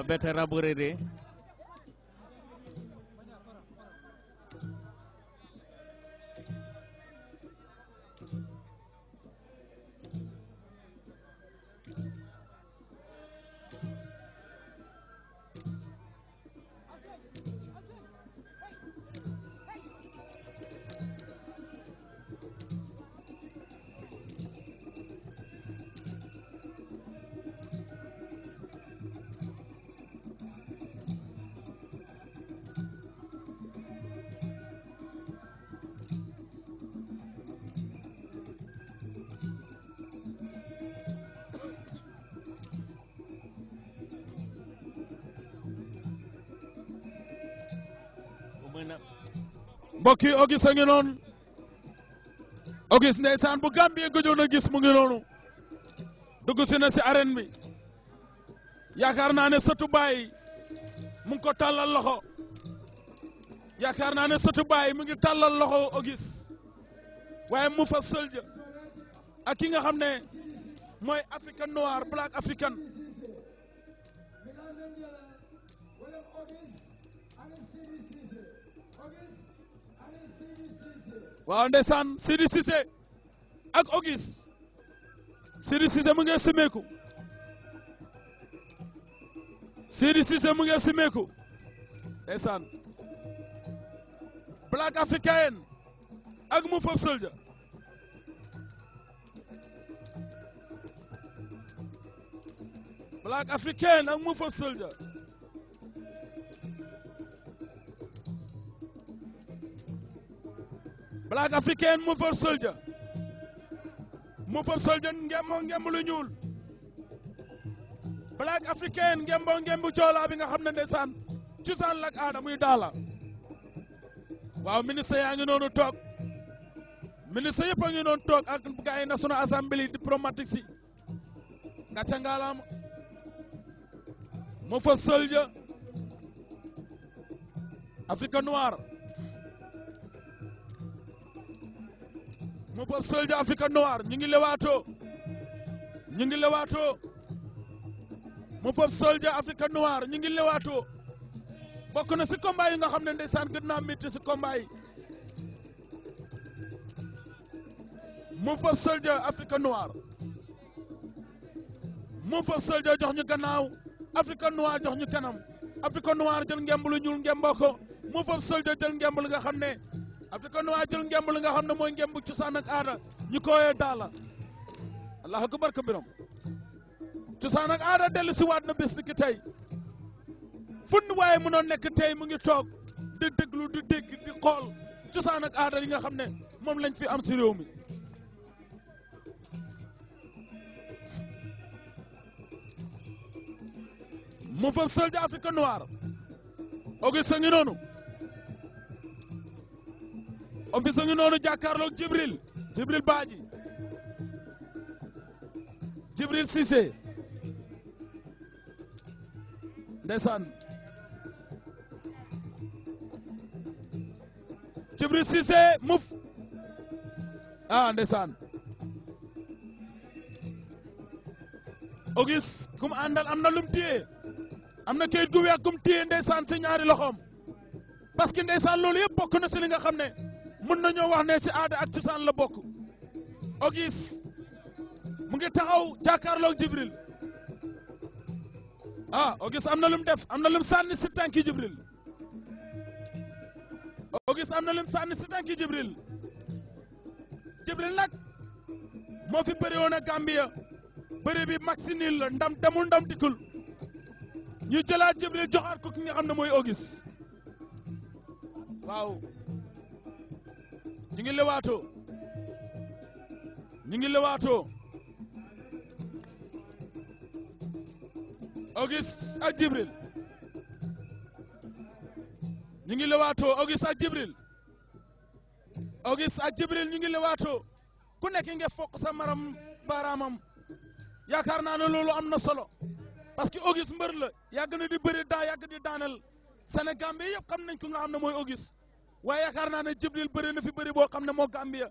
no beete mbokk yi Auguste a ngi noonu Auguste ndeysaan bu Gambie gëjoon a mu ngi noonu dugg si na si arène bi yaakaar naa ne sëtu ngi ko tàllal loxo yaakaar naane ne sëtu baay ngi tàllal loxo Auguste waaye mu fa sëlja ak ki nga xam ne moy africain noir black african waaw ndeysaan Sidi Cissé ak Auguste Sidi Cissé mu ngi simeeku Sidi Cissé mu ngi simeeku ndeysaan Black Africain ak mu fof Soldier Black Africain ak mu fof Soldier black africaine Mumford Soldier Mumford Soldier ngembo ngemb lu ñuul black africaine ngembo ngemb ciola bi nga xamne ne ci san lak adam muy dala waaw ministre ya nga nonu tok ministre yepp nga non tok ak gaay national assembly diplomatique si nga ca ngaalaama Mumford Soldier Afrique noire mu bob seul de Afrique ñu ngi lewaato ñu ngi lewaatoo mu bob seul de Afrique ñu ngi lewaato bokk na si combat yi nga xam ne ndeysaan gën naa métti si combat yi mu fab soldier Afrique noire mu jox ñu gannaaw Afrique noire jox ñu kanam Afrique noire jël ngemb lu ñuul ngemboo ko mu jël ngemb nga xam ne African waa jël ngemb li nga xam ne mooy ngemb cosaan ak aada ñu koyee daala allahu akbar kabiram cosaan ak aada dellu si waat na bés tey fun waaye mënoon nekk tey mu ngi toog di déglu di dégg di xool cosaan ak aada yi nga xam ne moom lañ fi am si réew mi mu fab soldat africain noir ogi sa office ngi noonu jàkkaarloog Jibril Jibril Baaji Jibril Cissé ndeysaan Jibril Cissé muf ah ndeysaan Auguste kum àndal am na lum téye am na kayit gu weex kum téye ndeysaan si ñaari loxoom parce que ndeysaan loolu yëpp bokk na si li nga xam ne mën nañoo wax ne ci aada ak cosaan la bokk Auguste mu ngi taxaw jàkkaarloog Jibril ah Auguste am na lu def am na lu mu sànni ci tànki Jibril Auguste am na lu mu sànni ci tànki Jibril Jibril nag moo fi bëri woon a Gambia bëri bi maxinil la ndam demul ndam dikkul ñu jëlaat Jibril joxaat ko ki nga xam ne mooy Auguste waaw ñu ngi lewaatoo ñu ngi lewaatoo Auguste ak Jibril ñu ngi lewaatoo Auguste ak Jibril Auguste ak Jibril ñu ngi lewaatoo ku nekk nge fokk sa maram baaraamam yaakaar naa ne loolu am na solo parce que Auguste mbër la yàgg na di bëri daa yàgg di daanal Sénégal bi yëpp xam nañ ko nga xam ne mooy Auguste waaye yaakaar naa ne Jibril bëri na fi bëri boo xam ne moo Gambia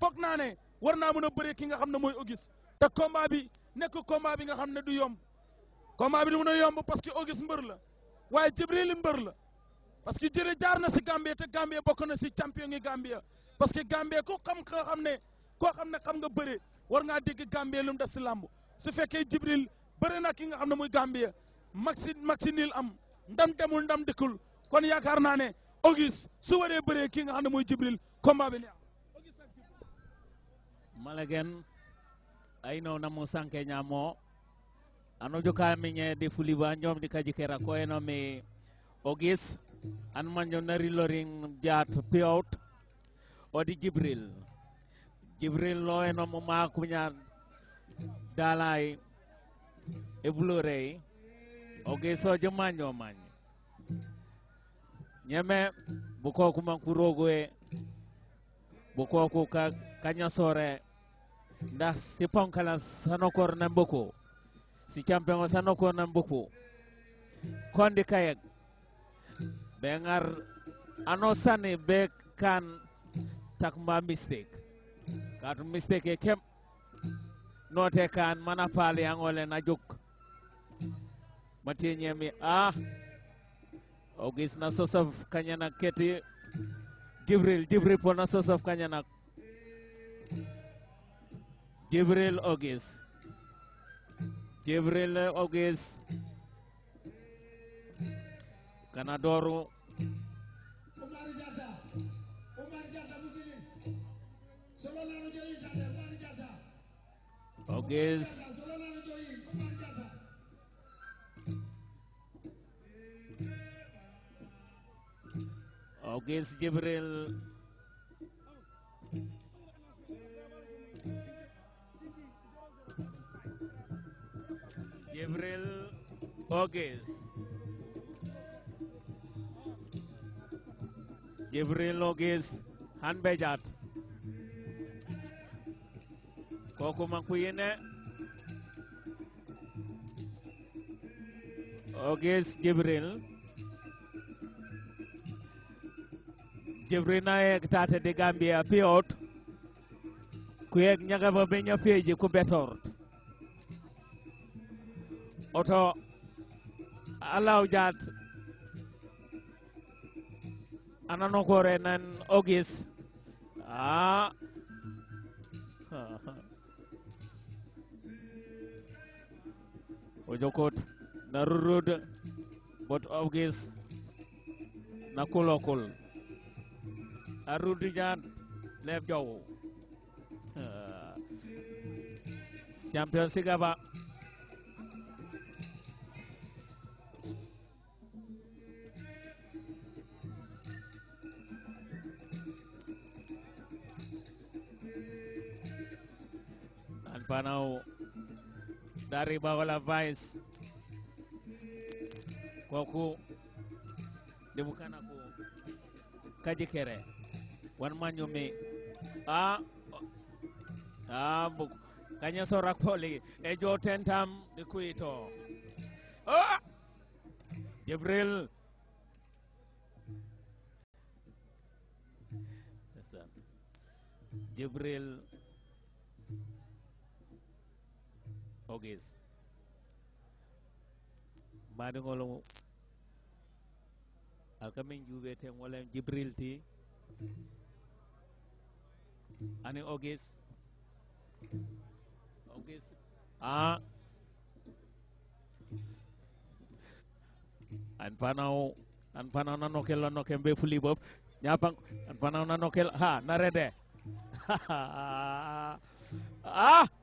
foog naa ne war naa mun a bëri ki nga xam ne mooy Auguste te combat bi nekk combat bi nga xam ne du yomb combat bi du mën a yomb parce que Auguste mbër la waaye Jibril mbër la parce que jërë jaar na si Gambia te Gambia bokk na si champion yi Gambia parce que Gambia ku xam nga xam ne koo xam ne xam nga bëre war ngaa dégg Gambia lu mu def si làmb su fekkee Jibril bëri na ki nga xam ne muy Gambia maxi maxi niil am ndam demul ndam dikkul kon yaakaar naa ne. Auguste su waree bëree ki nga xam ne mooy Jibril combat bi sanke ñamo ano miñe de fuliba ñomdi kaji kera ko eno mi an manjo nari jaat piyout odi Jibril Jibril lo eno mo ma kuña dalay e bulorey Auguste o ñeme bukoku manku rogoye bukoku ka kañasore ndax si ponkala sanokor na mboko si champion sanokor na mboko kondi kayak be ngar ano sane be kan takma mistake katu mistake kem note kan mana pali angole na juk matinye mi ah Ogis na sosof keti jibril jibril po na sosof kañanak jibril Ogis jibril Ogis Kanadoro kana against Jibril. Jibril August. Jibril August Hanbejat. Koko Makuyene. August Ogis Jibril. jefrinaye tate de gambia piot kuyek nyagaba be nyafeji ku betort oto alaw jat anano nan ogis ah ojokot na rurud bot ogis na kulokul Arun Tijan left Joe. Uh, champion Sigaba. And Panau dari Bagola Kajikere. wanmanyumi a ah, a ah, bug kanya sora koli e eh, tentam di kuito ah! jibril jibril ogis mbaɗi ngol alkamin juuɓeten wolen jibril ti ani ogis ogis an panaw an panaw na nokel la nokem be fuli bob an panaw na nokel ha na rede ah